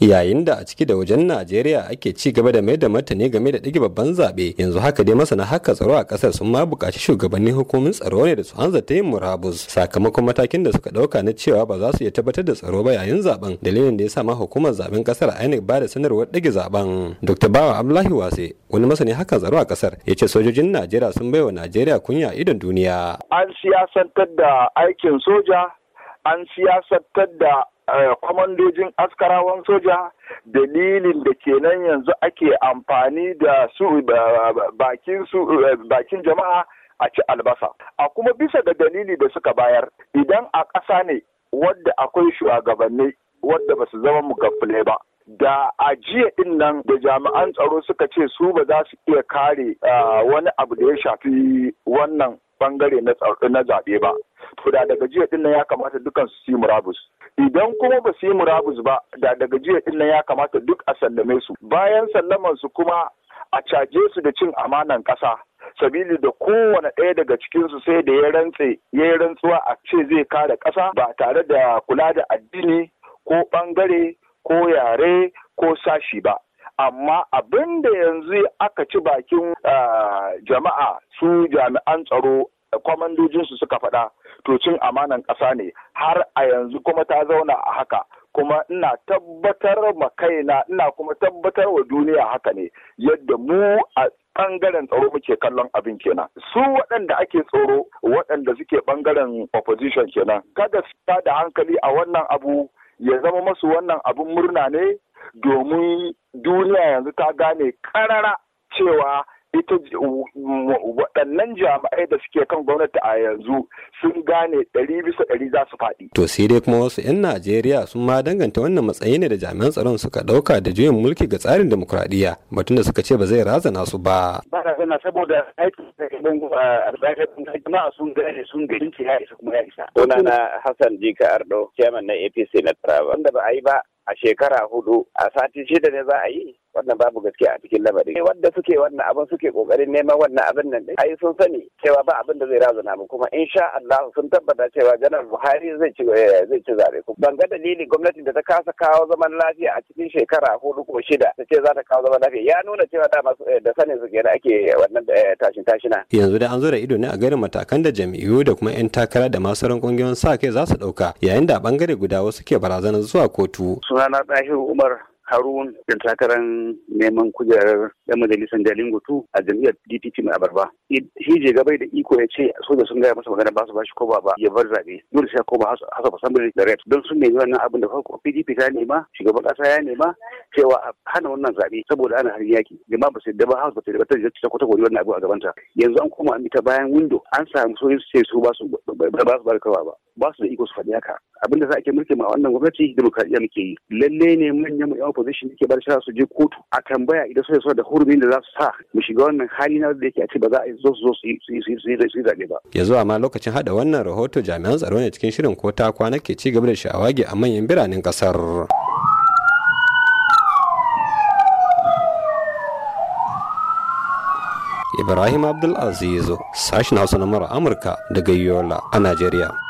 yayin da a ciki da wajen najeriya ake ci gaba da mai da martani game da ɗage babban zaɓe yanzu haka dai masana haka tsaro a ƙasar sun ma buƙaci shugabannin hukumin tsaro ne da su hanza ta yin murabus sakamakon matakin da suka ɗauka na cewa ba za su iya tabbatar da tsaro ba yayin zaben dalilin da ya sa ma hukumar zaben ƙasar inec ba da sanarwar ɗage zaben dr bawa abdullahi wase wani masani haka tsaro a ƙasar ya ce sojojin najeriya sun bai wa najeriya kunya idon duniya an siyasantar da aikin soja an siyasantar da kwamandojin askarawan soja dalilin da kenan yanzu ake amfani da su eh, bakin jama'a a ci albasa a kuma bisa ga dalili da suka bayar idan a ƙasa ne wadda akwai shugabanni wadda ba su zama mugaffule ba da a jiya din nan da jami'an tsaro suka ce su ba za su iya kare eh, wani abu da ya shafi wannan bangare na zaɓe ba to da daga jiya din nan ya kamata dukansu su yi murabus idan kuma ba su yi murabus ba da daga jiya din ya kamata duk a sallame su bayan sallaman su kuma a caje su da cin amanan ƙasa sabili da kowane ɗaya daga cikinsu sai da ya rantse ya yi rantsuwa a ce zai kare ƙasa ba tare da kula da addini ko ɓangare ko yare ko sashi ba amma abin da yanzu aka ci bakin ah, jama'a su jami'an tsaro kwamandojinsu suka faɗa to cin amanan ƙasa ne har a yanzu kuma ta zauna a haka kuma ina tabbatar ma kaina ina kuma tabbatar wa duniya haka ne yadda mu a bangaren tsaro muke kallon abin kenan su waɗanda ake tsoro waɗanda suke bangaren opposition kenan kada su da hankali a wannan abu ya zama masu wannan abin murna ne domin duniya yanzu ta gane karara cewa ita waɗannan jami'ai da suke kan gwamnati a yanzu sun gane ɗari bisa ɗari za su faɗi. To sai dai kuma wasu 'yan Najeriya sun ma danganta wannan matsayi ne da jami'an tsaron suka ɗauka da juyin mulki ga tsarin demokuraɗiyya batun da suka ce ba zai razana su ba. Ba razana saboda aiki da jama'a sun gane sun gani ya isa kuma ya isa. na Hassan Jika Ardo, chairman na APC na Taraba. Wanda ba a yi ba a shekara hudu a sati shida ne za a yi wannan babu gaske a cikin lamarin eh, wanda suke wannan abin suke kokarin neman wannan abin nan ai sun sani cewa ba abin da zai razana mu kuma insha Allah sun tabbata cewa janar Buhari zai ci eh, zai ci zare ku ban ga dalili gwamnatin da ta kasa kawo zaman lafiya a cikin shekara hudu ko shida ta ce za ta kawo zaman lafiya ya nuna cewa dama eh, da sanin su kenan ake wannan tashin tashina yanzu da an zura ido ne a garin matakan da jami'u da kuma 'yan takara da masu ran kungiyoyin sa kai za su ɗauka. yayin da bangare guda wasu ke barazanar zuwa kotu sunana Dahiru Umar harun dan takarar neman kujerar da majalisar jalingo tu a jam'iyyar dpp mai abarba hije gabai da iko ya ce soja sun gaya masa magana ba su bashi ko ba ba ya bar zaɓe dole sai ko ba hasa da red don sun nemi wannan abin da farko pdp ta nema shugaban ƙasa ya nema cewa a hana wannan zaɓe saboda ana harin yaki jama'a ba su yadda ba hasa ba su yadda ba ta ta kwata gori wannan abu a gabanta yanzu an koma an bi ta bayan window an samu sojoji su ce su ba su ba su ba ba su da iko su faɗi haka abinda za a ke mulki ma wannan gwamnati demokradiya muke yi lalle ne manyan mu yan opposition ke bar shara su je kotu a tambaya idan su so da hurumin da za su sa mu shiga wannan hali na da yake a ce ba za a zo su zo su yi zaɓe ba ya zuwa lokacin hada wannan rahoto jami'an tsaro ne cikin shirin ko ta kwana ke ci gaba da sha'awage a manyan biranen kasar Ibrahim Abdulaziz sashen Hausa na Amurka daga Yola a Najeriya.